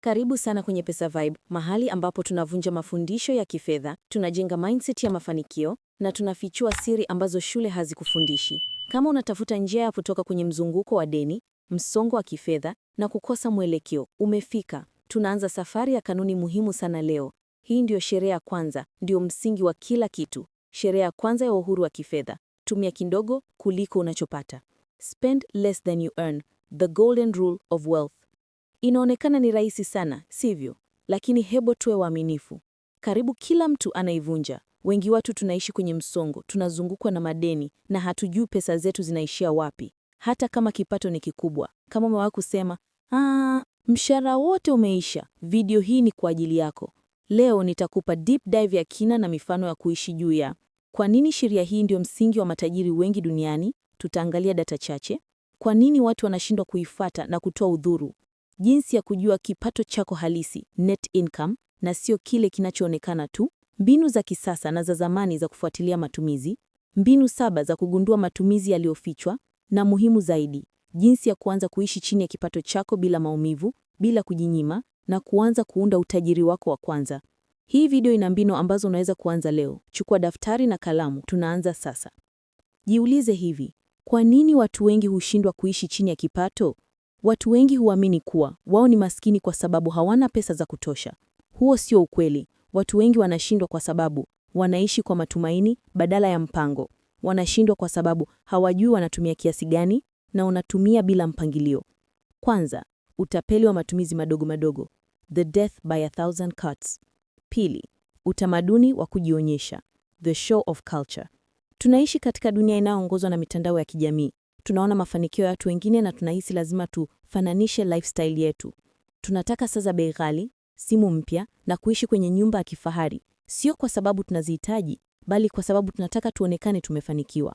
Karibu sana kwenye Pesa Vibe, mahali ambapo tunavunja mafundisho ya kifedha, tunajenga mindset ya mafanikio na tunafichua siri ambazo shule hazikufundishi. Kama unatafuta njia ya kutoka kwenye mzunguko wa deni, msongo wa kifedha na kukosa mwelekeo, umefika. Tunaanza safari ya kanuni muhimu sana leo. Hii ndiyo sherehe ya kwanza, ndiyo msingi wa kila kitu. sherehe ya kwanza ya uhuru wa kifedha: tumia kidogo kuliko unachopata. Spend less than you earn, the golden rule of wealth. Inaonekana ni rahisi sana, sivyo? Lakini hebo tuwe waaminifu. Karibu kila mtu anaivunja. Wengi watu tunaishi kwenye msongo, tunazungukwa na madeni na hatujui pesa zetu zinaishia wapi, hata kama kipato ni kikubwa. Kama umewahi kusema ah, mshahara wote umeisha, video hii ni kwa ajili yako. Leo nitakupa deep dive ya kina na mifano ya kuishi juu ya kwa nini sheria hii ndio msingi wa matajiri wengi duniani. Tutaangalia data chache, kwa nini watu wanashindwa kuifata na kutoa udhuru, jinsi ya kujua kipato chako halisi net income, na sio kile kinachoonekana tu, mbinu za kisasa na za zamani za kufuatilia matumizi, mbinu saba za kugundua matumizi yaliyofichwa, na muhimu zaidi, jinsi ya kuanza kuishi chini ya kipato chako bila maumivu, bila kujinyima, na kuanza kuunda utajiri wako wa kwanza. Hii video ina mbinu ambazo unaweza kuanza leo. Chukua daftari na kalamu, tunaanza sasa. Jiulize hivi, kwa nini watu wengi hushindwa kuishi chini ya kipato? Watu wengi huamini kuwa wao ni maskini kwa sababu hawana pesa za kutosha. Huo sio ukweli. Watu wengi wanashindwa kwa sababu wanaishi kwa matumaini badala ya mpango. Wanashindwa kwa sababu hawajui wanatumia kiasi gani, na unatumia bila mpangilio. Kwanza, utapeli wa matumizi madogo madogo, the death by a thousand cuts. Pili, utamaduni wa kujionyesha, the show of culture. Tunaishi katika dunia inayoongozwa na mitandao ya kijamii tunaona mafanikio ya watu wengine na tunahisi lazima tufananishe lifestyle yetu. Tunataka sasa bei ghali, simu mpya na kuishi kwenye nyumba ya kifahari, sio kwa sababu tunazihitaji, bali kwa sababu tunataka tuonekane tumefanikiwa.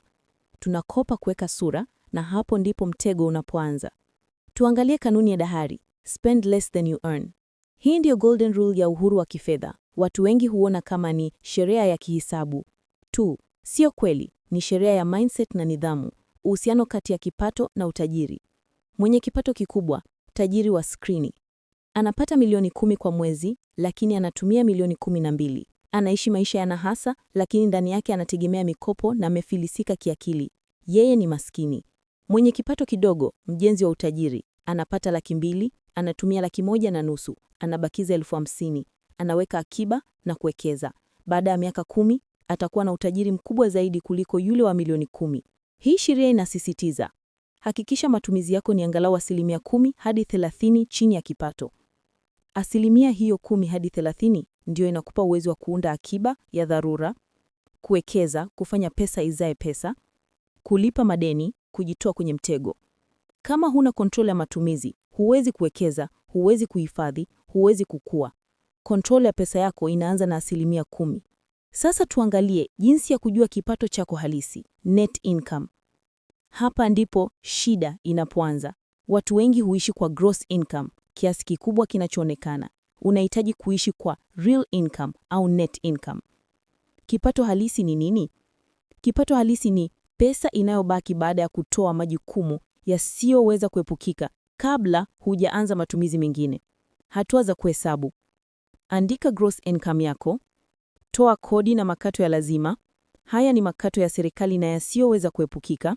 Tunakopa kuweka sura, na hapo ndipo mtego unapoanza. Tuangalie kanuni ya dahari, spend less than you earn. Hii ndiyo golden rule ya uhuru wa kifedha. Watu wengi huona kama ni sheria ya kihisabu tu. Sio kweli, ni sheria ya mindset na nidhamu uhusiano kati ya kipato na utajiri. Mwenye kipato kikubwa, tajiri wa skrini, anapata milioni kumi kwa mwezi, lakini anatumia milioni kumi na mbili. Anaishi maisha ya nahasa, lakini ndani yake anategemea mikopo na amefilisika kiakili. Yeye ni maskini. Mwenye kipato kidogo, mjenzi wa utajiri, anapata laki mbili, anatumia laki moja na nusu, anabakiza elfu hamsini, anaweka akiba na kuwekeza. Baada ya miaka kumi atakuwa na utajiri mkubwa zaidi kuliko yule wa milioni kumi. Hii sheria inasisitiza hakikisha matumizi yako ni angalau asilimia kumi hadi thelathini chini ya kipato. Asilimia hiyo kumi hadi thelathini ndiyo inakupa uwezo wa kuunda akiba ya dharura, kuwekeza, kufanya pesa izae pesa, kulipa madeni, kujitoa kwenye mtego. Kama huna kontrol ya matumizi, huwezi kuwekeza, huwezi kuhifadhi, huwezi kukua. Kontrol ya pesa yako inaanza na asilimia kumi. Sasa tuangalie jinsi ya kujua kipato chako halisi, net income. Hapa ndipo shida inapoanza. Watu wengi huishi kwa gross income, kiasi kikubwa kinachoonekana. Unahitaji kuishi kwa real income au net income. Kipato halisi ni nini? Kipato halisi ni pesa inayobaki baada ya kutoa majukumu yasiyoweza kuepukika kabla hujaanza matumizi mengine. Hatua za kuhesabu: andika gross income yako, toa kodi na makato ya lazima. Haya ni makato ya serikali na yasiyoweza kuepukika.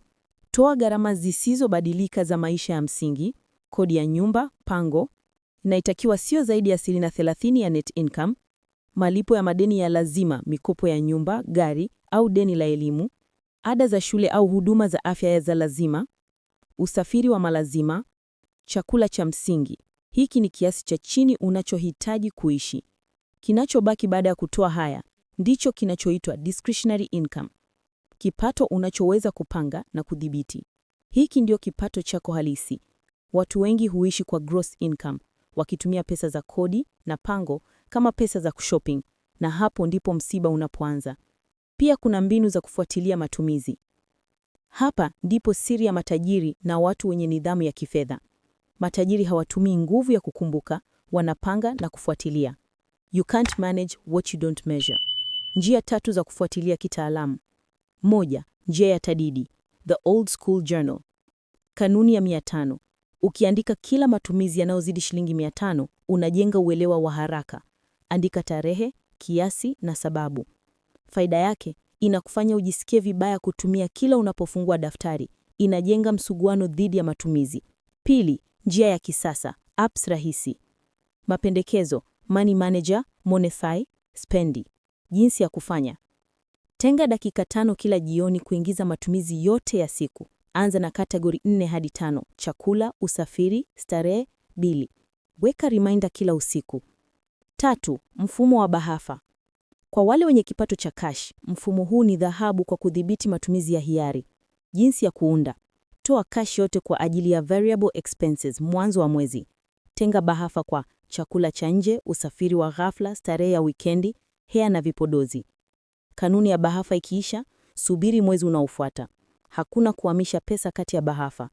Toa gharama zisizobadilika za maisha ya msingi, kodi ya nyumba, pango inaitakiwa sio zaidi ya asilimia 30 ya net income. Malipo ya madeni ya lazima, mikopo ya nyumba, gari au deni la elimu, ada za shule au huduma za afya za lazima, usafiri wa malazima, chakula cha msingi. Hiki ni kiasi cha chini unachohitaji kuishi. Kinachobaki baada ya kutoa haya ndicho kinachoitwa discretionary income, kipato unachoweza kupanga na kudhibiti. Hiki ndio kipato chako halisi. Watu wengi huishi kwa gross income, wakitumia pesa za kodi na pango kama pesa za shopping, na hapo ndipo msiba unapoanza. Pia kuna mbinu za kufuatilia matumizi. Hapa ndipo siri ya matajiri na watu wenye nidhamu ya kifedha. Matajiri hawatumii nguvu ya kukumbuka, wanapanga na kufuatilia. You can't manage what you don't measure. Njia tatu za kufuatilia kitaalamu. Moja, njia ya tadidi, the old school journal. Kanuni ya tano: Ukiandika kila matumizi yanayozidi shilingi tano, unajenga uelewa wa haraka. Andika tarehe, kiasi na sababu. Faida yake inakufanya ujisikie vibaya kutumia kila unapofungua daftari. Inajenga msuguano dhidi ya matumizi. Pili, njia ya kisasa, apps rahisi. Mapendekezo: Money Manager, Monify, Spendi. Jinsi ya kufanya: tenga dakika tano kila jioni kuingiza matumizi yote ya siku. Anza na kategori nne hadi tano: chakula, usafiri, starehe, bili. Weka reminder kila usiku. Tatu, mfumo wa bahafa. Kwa wale wenye kipato cha cash, mfumo huu ni dhahabu kwa kudhibiti matumizi ya hiari. Jinsi ya kuunda: toa cash yote kwa ajili ya variable expenses mwanzo wa mwezi. Tenga bahafa kwa chakula cha nje, usafiri wa ghafla, starehe ya wikendi, hea na vipodozi. Kanuni ya bahafa ikiisha, subiri mwezi unaofuata. Hakuna kuhamisha pesa kati ya bahafa.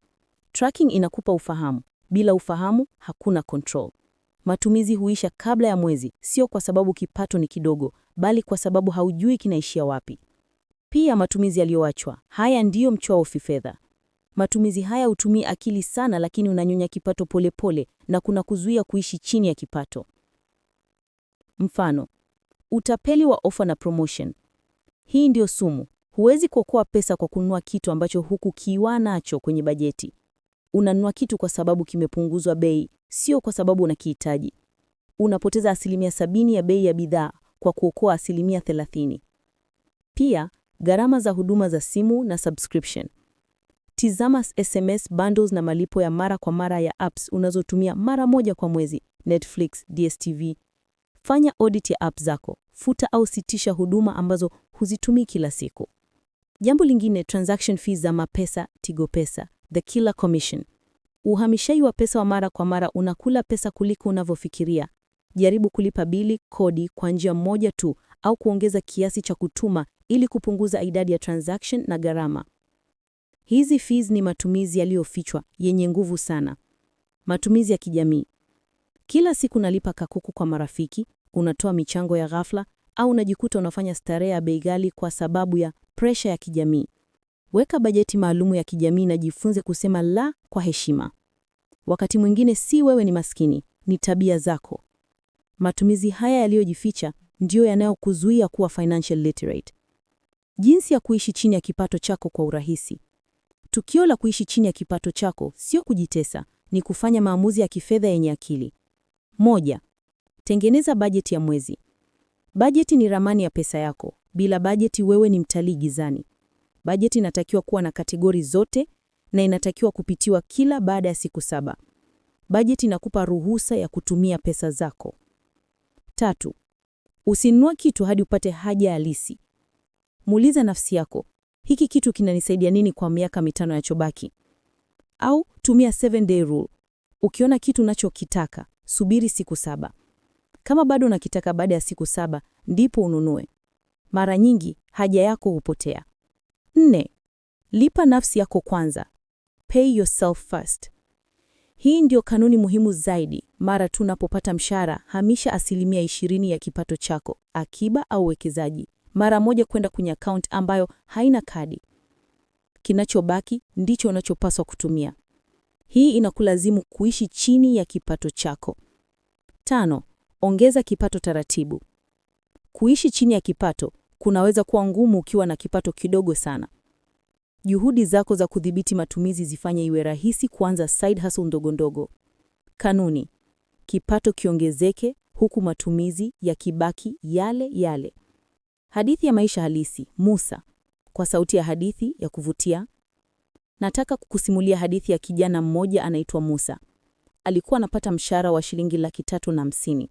Tracking inakupa ufahamu, bila ufahamu hakuna control. Matumizi huisha kabla ya mwezi, sio kwa sababu kipato ni kidogo, bali kwa sababu haujui kinaishia wapi. Pia matumizi yaliyoachwa, haya ndiyo mchwa wa fedha. Matumizi haya hutumii akili sana, lakini unanyonya kipato polepole pole, na kuna kuzuia kuishi chini ya kipato. Mfano, Utapeli wa offer na promotion. Hii ndio sumu. Huwezi kuokoa pesa kwa kununua kitu ambacho hukukiwa nacho kwenye bajeti. Unanunua kitu kwa sababu kimepunguzwa bei, sio kwa sababu unakihitaji. Unapoteza asilimia sabini ya bei ya bidhaa kwa kuokoa asilimia thelathini. Pia gharama za huduma za simu na subscription. Tizama SMS bundles na malipo ya mara kwa mara ya apps unazotumia mara moja kwa mwezi, Netflix, DStv. Fanya audit ya app zako futa au sitisha huduma ambazo huzitumii kila siku. Jambo lingine, transaction fees za mapesa, Tigo Pesa, the killer commission. Uhamishaji wa pesa wa mara kwa mara unakula pesa kuliko unavyofikiria. Jaribu kulipa bili, kodi kwa njia moja tu au kuongeza kiasi cha kutuma ili kupunguza idadi ya transaction na gharama. Hizi fees ni matumizi yaliyofichwa yenye nguvu sana. Matumizi ya kijamii. Kila siku nalipa kakuku kwa marafiki, unatoa michango ya ghafla au unajikuta unafanya starehe ya bei ghali kwa sababu ya presha ya kijamii. Weka bajeti maalumu ya kijamii na jifunze kusema la kwa heshima. Wakati mwingine si wewe ni maskini, ni tabia zako. Matumizi haya yaliyojificha ndiyo yanayokuzuia kuwa financial literate. Jinsi ya kuishi chini ya kipato chako kwa urahisi. Tukio la kuishi chini ya kipato chako sio kujitesa, ni kufanya maamuzi ya kifedha yenye akili. Moja, Tengeneza bajeti ya mwezi. Bajeti ni ramani ya pesa yako. Bila bajeti wewe ni mtalii gizani. Bajeti inatakiwa kuwa na kategori zote na inatakiwa kupitiwa kila baada ya siku saba. Bajeti inakupa ruhusa ya kutumia pesa zako. Tatu, usinunue kitu hadi upate haja halisi. Muuliza nafsi yako, hiki kitu kinanisaidia nini kwa miaka mitano chobaki? Au tumia 7 day rule. Ukiona kitu unachokitaka, subiri siku saba. Kama bado unakitaka baada ya siku saba, ndipo ununue. Mara nyingi haja yako hupotea. Nne, lipa nafsi yako kwanza. Pay yourself first. Hii ndio kanuni muhimu zaidi. Mara tu unapopata mshahara, hamisha asilimia ishirini ya kipato chako, akiba au uwekezaji, mara moja kwenda kwenye akaunti ambayo haina kadi. Kinachobaki ndicho unachopaswa kutumia. Hii inakulazimu kuishi chini ya kipato chako. Tano, ongeza kipato taratibu. Kuishi chini ya kipato kunaweza kuwa ngumu ukiwa na kipato kidogo sana. Juhudi zako za kudhibiti matumizi zifanye iwe rahisi kuanza side hustle ndogo ndogo. Kanuni: kipato kiongezeke huku matumizi yakibaki yale yale. Hadithi ya maisha halisi. Musa, kwa sauti ya hadithi ya kuvutia, nataka kukusimulia hadithi ya kijana mmoja anaitwa Musa. Alikuwa anapata mshahara wa shilingi laki tatu na hamsini.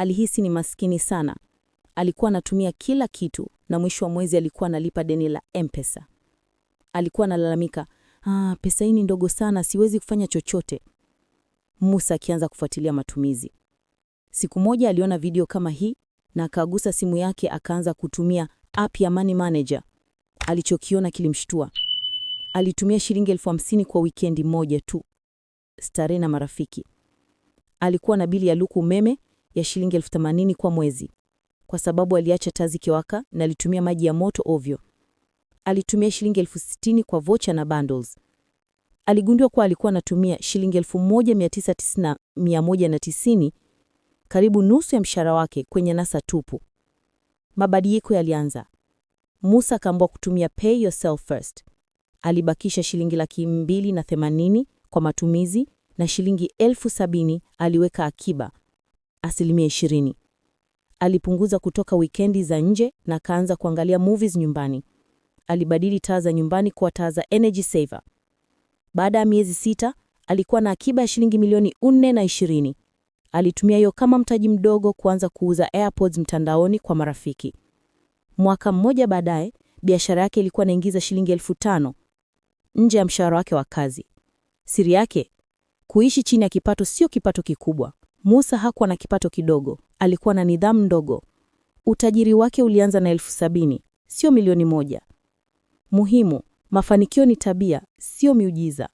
Alihisi ni maskini sana. Alikuwa anatumia kila kitu na mwisho wa mwezi alikuwa analipa deni la M-Pesa. Alikuwa analalamika, ah, pesa hii ni ndogo sana, siwezi kufanya chochote. Musa akianza kufuatilia matumizi. Siku moja aliona video kama hii na akagusa simu yake, akaanza kutumia app ya Money Manager. Alichokiona kilimshtua. Alitumia shilingi elfu hamsini kwa wikendi moja tu, starehe na marafiki. Alikuwa na bili ya luku, umeme, ya shilingi elfu themanini kwa mwezi, kwa sababu aliacha taa zikiwaka na alitumia maji ya moto ovyo. Alitumia shilingi elfu sitini kwa vocha na bundles. Aligundua kuwa alikuwa anatumia shilingi 1990 karibu nusu ya mshahara wake kwenye nasa tupu. Mabadiliko yalianza. Musa akaamua kutumia pay yourself first. Alibakisha shilingi laki mbili na themanini kwa matumizi na shilingi elfu sabini aliweka akiba asilimia 20. Alipunguza kutoka wikendi za nje na akaanza kuangalia movies nyumbani. Alibadili taa za nyumbani kuwa taa za energy saver. Baada ya miezi sita alikuwa na akiba ya shilingi milioni nne na ishirini. Alitumia hiyo kama mtaji mdogo kuanza kuuza AirPods mtandaoni kwa marafiki. Mwaka mmoja baadaye biashara yake ilikuwa inaingiza shilingi elfu tano nje ya mshahara wake wa kazi. Siri yake, kuishi chini ya kipato sio kipato kikubwa. Musa hakuwa na kipato kidogo, alikuwa na nidhamu ndogo. Utajiri wake ulianza na elfu sabini, sio milioni moja. Muhimu, mafanikio ni tabia, sio miujiza.